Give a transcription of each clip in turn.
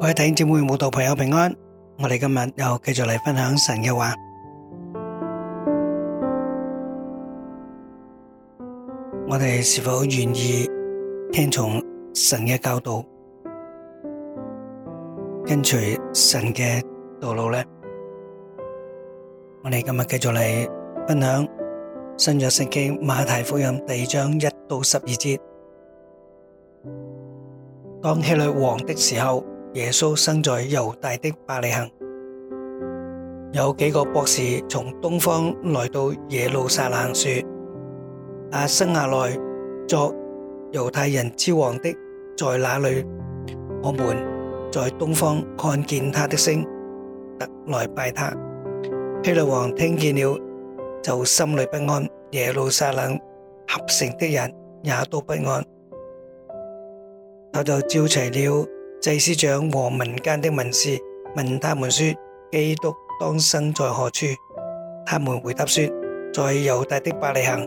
各位弟兄姊妹、信徒朋友平安。我哋今日又繼續嚟分享神嘅話。我哋是否願意聽從神嘅教導，跟隨神嘅道路呢？我哋今日繼續嚟分享新約聖經馬太福音第二章一到十二節。當希律王的時候。耶穌生在猶大的伯利恆，祭司長和民間的文士問他們說：基督當生在何處？他們回答說：在猶大的伯利恆。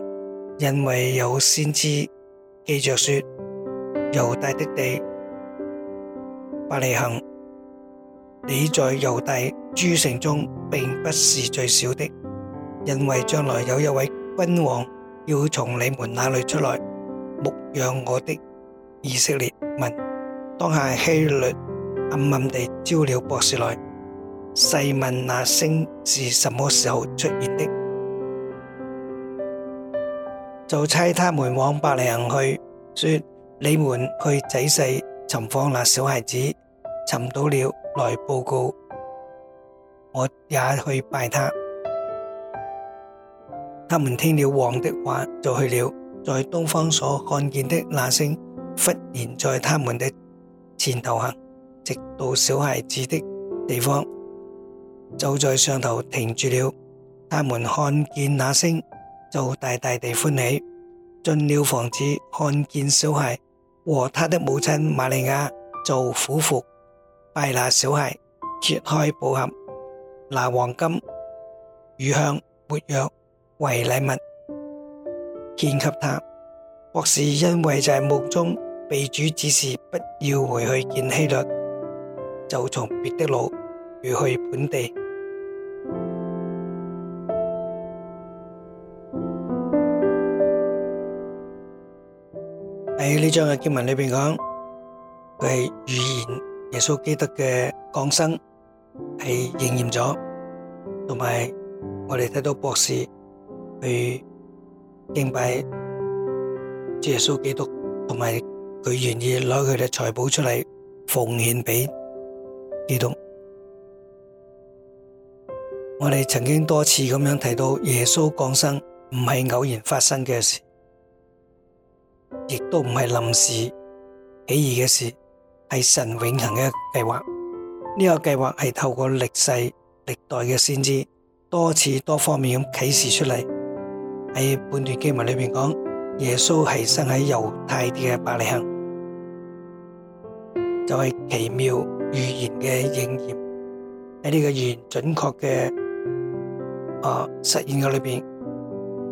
因為有先知記着說：猶大的地，伯利恆，你在猶大諸城中並不是最小的，因為將來有一位君王要從你們那裏出來，牧養我的以色列民。當下希律暗暗地招了博士來，細問那星是什麼時候出現的？前頭行，直到小孩子的地方，就在上頭停住了。他們看見那星，就大大地歡喜。進了房子，看見小孩和他的母親瑪利亞，就俯伏，拜那小孩，揭開寶盒，拿黃金、乳香、沒藥為禮物獻給他，或是因為在夢中。被主指示，不要回去見希律，就從別的路回去本地。佢願意攞佢嘅財寶出嚟奉獻俾基督。我哋曾經多次咁樣提到耶穌降生唔係偶然發生嘅事，亦都唔係臨時起意嘅事，係神永恆嘅計劃。呢個計劃係透過歷世歷代嘅先知多次多方面咁啟示出嚟。喺本段經文裏面講，耶穌係生喺猶太地嘅伯利恆。就係奇妙預言嘅應驗。喺呢個預言準確嘅，啊實驗嘅裏邊，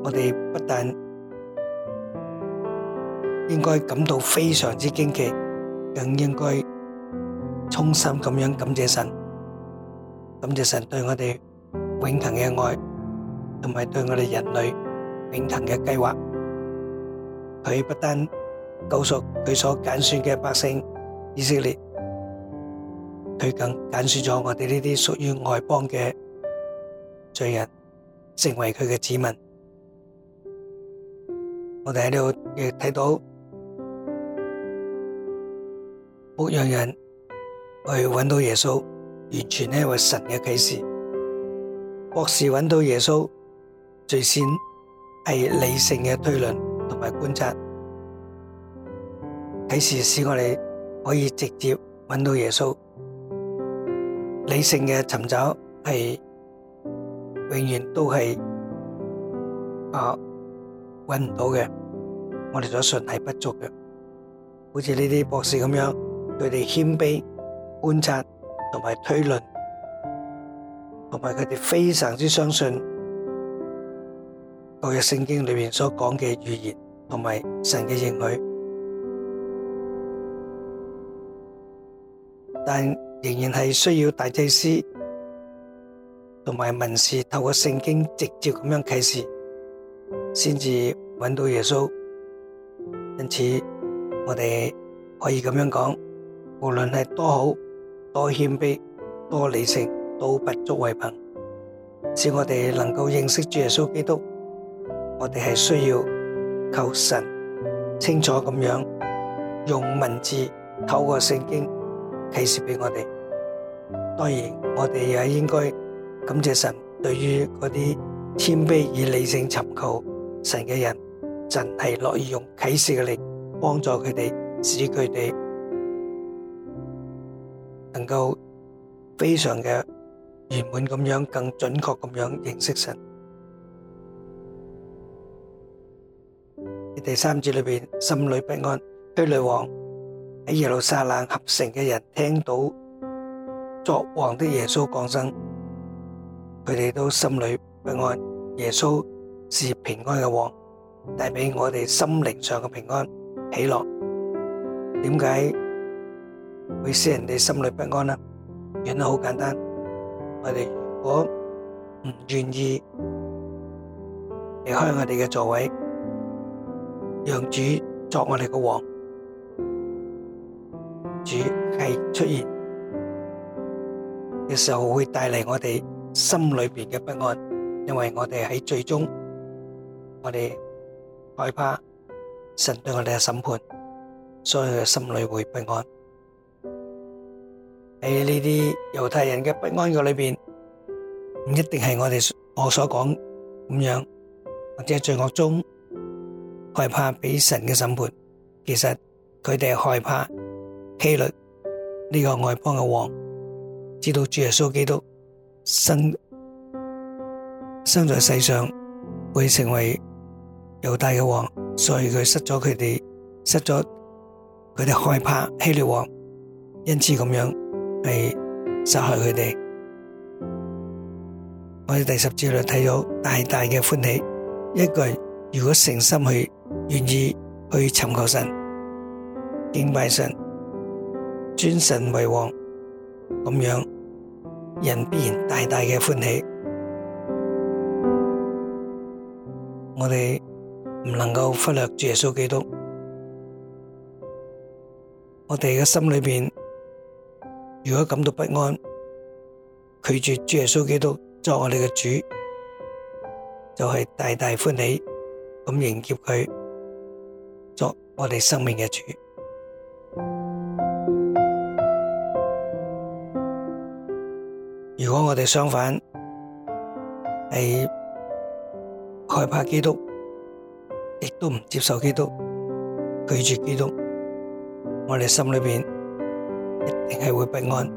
我哋不但應該感到非常之驚奇，更應該衷心咁樣感謝神，感謝神對我哋永恒嘅愛，同埋對我哋人類永恒嘅計劃。佢不單告訴佢所揀選嘅百姓，以色列，佢更揀選咗我哋呢啲屬於外邦嘅罪人，成為佢嘅子民。我哋喺度亦睇到，牧羊人去揾到耶穌，完全係為神嘅啟示；博士揾到耶穌，最先係理性嘅推論同埋觀察。啟示使我哋。可以直接揾到耶穌，理性嘅尋找係永遠都係啊揾唔到嘅，我哋所信係不足嘅。好似呢啲博士咁樣，佢哋謙卑觀察同埋推論，同埋佢哋非常之相信舊約聖經裏面所講嘅預言同埋神嘅應許。但仍然係需要大祭司同埋文士透過聖經直接咁樣啟示，先至搵到耶穌。因此我哋可以咁樣講，無論係多好、多謙卑、多理性，都不足為憑。只我哋能夠認識主耶穌基督，我哋係需要求神清楚咁樣用文字透過聖經。啟示俾我哋，當然我哋也應該感謝神對於嗰啲謙卑以理性尋求神嘅人，真係樂意用啟示嘅力幫助佢哋，使佢哋能夠非常嘅圓滿咁樣，更準確咁樣認識神。第三節裏面，心裏不安，心裏慌。喺耶路撒冷合成嘅人聽到作王的耶穌降生，佢哋都心裏不安。耶穌是平安嘅王，帶俾我哋心靈上嘅平安喜樂。點解會使人哋心裏不安呢？原因好簡單，我哋如果唔願意離開我哋嘅座位，讓主作我哋嘅王。主係出現嘅時候，會帶嚟我哋心裏邊嘅不安，因為我哋喺最終，我哋害怕神對我哋嘅審判，所以佢心裏會不安。喺呢啲猶太人嘅不安嘅裏邊，唔一定係我哋我所講咁樣，或者罪惡中害怕俾神嘅審判。其實佢哋係害怕。希律呢個外邦嘅王，知道主耶穌基督生生在世上會成為猶大嘅王，所以佢失咗佢哋，失咗佢哋害怕希律王，因此咁樣係殺害佢哋。我喺第十節裏睇到大大嘅歡喜，一個人如果誠心去願意去尋求神，敬拜神。尊神為王咁樣，人必然大大嘅歡喜。我哋唔能夠忽略主耶穌基督。我哋嘅心裏面，如果感到不安，拒絕主耶穌基督作我哋嘅主，就係大大歡喜咁迎接佢作我哋生命嘅主。如果我們相反，是，害怕基督，亦都唔接受基督，拒絕基督，我們心裏面，一定係會不安，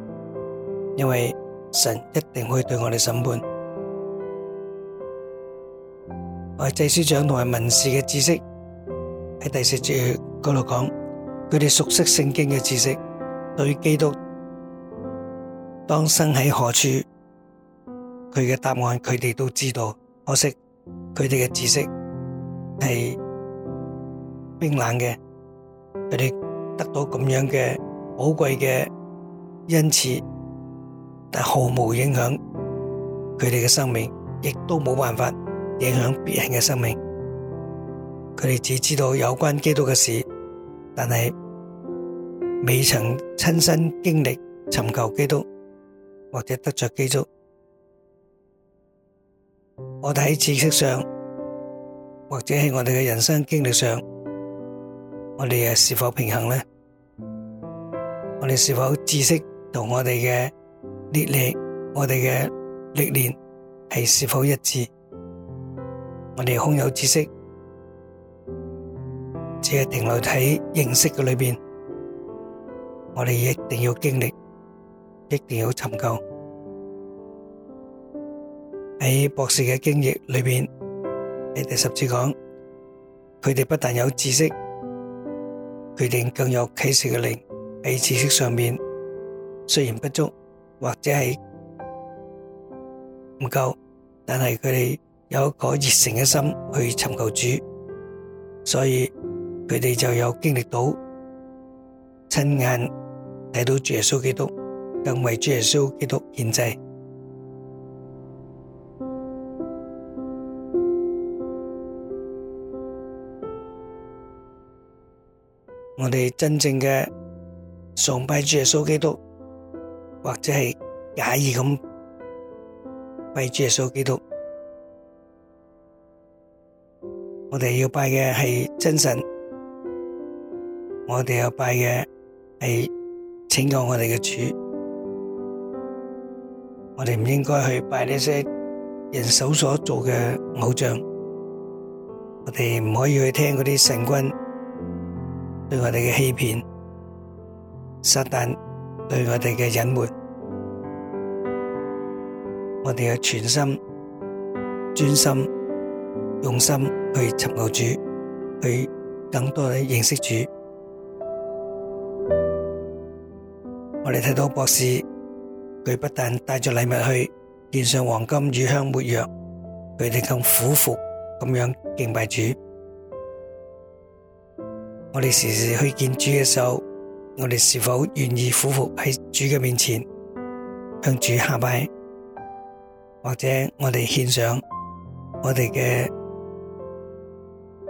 因為神一定會對我們審判。我係祭司長和文士的知識，在第四節嗰度講，他們熟悉聖經的知識，對基督當生喺何處，佢嘅答案佢哋都知道。可惜佢哋嘅知識係冰冷嘅，佢哋得到咁樣嘅寶貴嘅恩賜，但毫無影響佢哋嘅生命，亦都冇辦法影響別人嘅生命。佢哋只知道有關基督嘅事，但係未曾親身經歷尋求基督。或者得着基督，我哋喺知識上，或者喺我哋嘅人生經歷上，我哋又是否平衡咧？我哋是否知識同我哋嘅力量、我哋嘅歷練係是否一致？我哋空有知識，只係停留喺認識嘅裏邊，我哋一定要經歷。一定要尋求喺博士嘅經歷裏邊，喺第十次講，佢哋不但有知識，佢哋更有啟示嘅靈。喺知識上面雖然不足或者係唔夠，但係佢哋有一個熱誠嘅心去尋求主，所以佢哋就有經歷到親眼睇到主耶穌基督。更為主耶穌基督獻祭，我哋真正嘅崇拜主耶穌基督，或者係假意咁拜主耶穌基督，我哋要拜嘅係真神，我哋要拜嘅係拯救我哋嘅主。我哋唔應該去拜那些人手所做嘅偶像，我哋唔可以去聽嗰啲神棍對我哋嘅欺騙，撒旦對我哋嘅隱瞞。我哋要全心、專心、用心去尋求主，去更多去認識主。我哋睇到博士。佢不但帶著禮物去獻上黃金與香沒藥，佢哋更俯伏咁樣敬拜主。我哋時時去見主嘅時候，我哋是否願意俯伏喺主嘅面前向主下拜，或者我哋獻上我哋嘅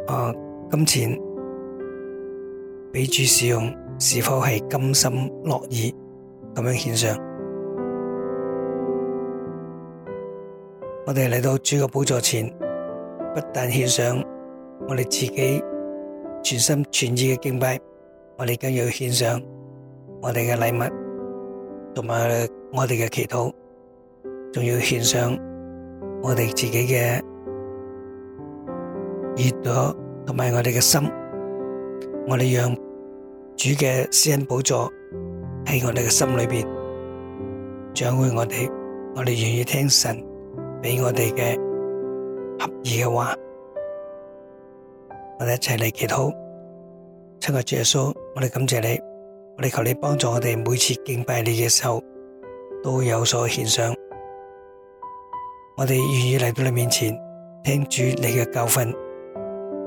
誒金錢俾主使用，是否係甘心樂意咁樣獻上？我們來到主個寶座前，不但獻上我們自己全心全意的敬拜，我們更要獻上我們的禮物，同埋我們的祈禱，還要獻上我們自己的耳朵，同埋我們的心，我們讓主的施恩寶座在我們的心裏面，掌管我們，我們願意聽神，俾我哋嘅合意嘅話，我哋一齊嚟祈禱。出個主耶穌，我哋感謝你，我哋求你幫助我哋每次敬拜你嘅時候都有所獻上。我哋願意嚟到你面前聽住你嘅教訓，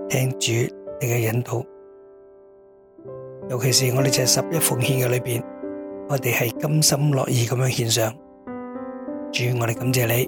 聽住你嘅引導。尤其是我哋在十一奉獻嘅裏邊，我哋係甘心樂意咁樣獻上。主，我哋感謝你。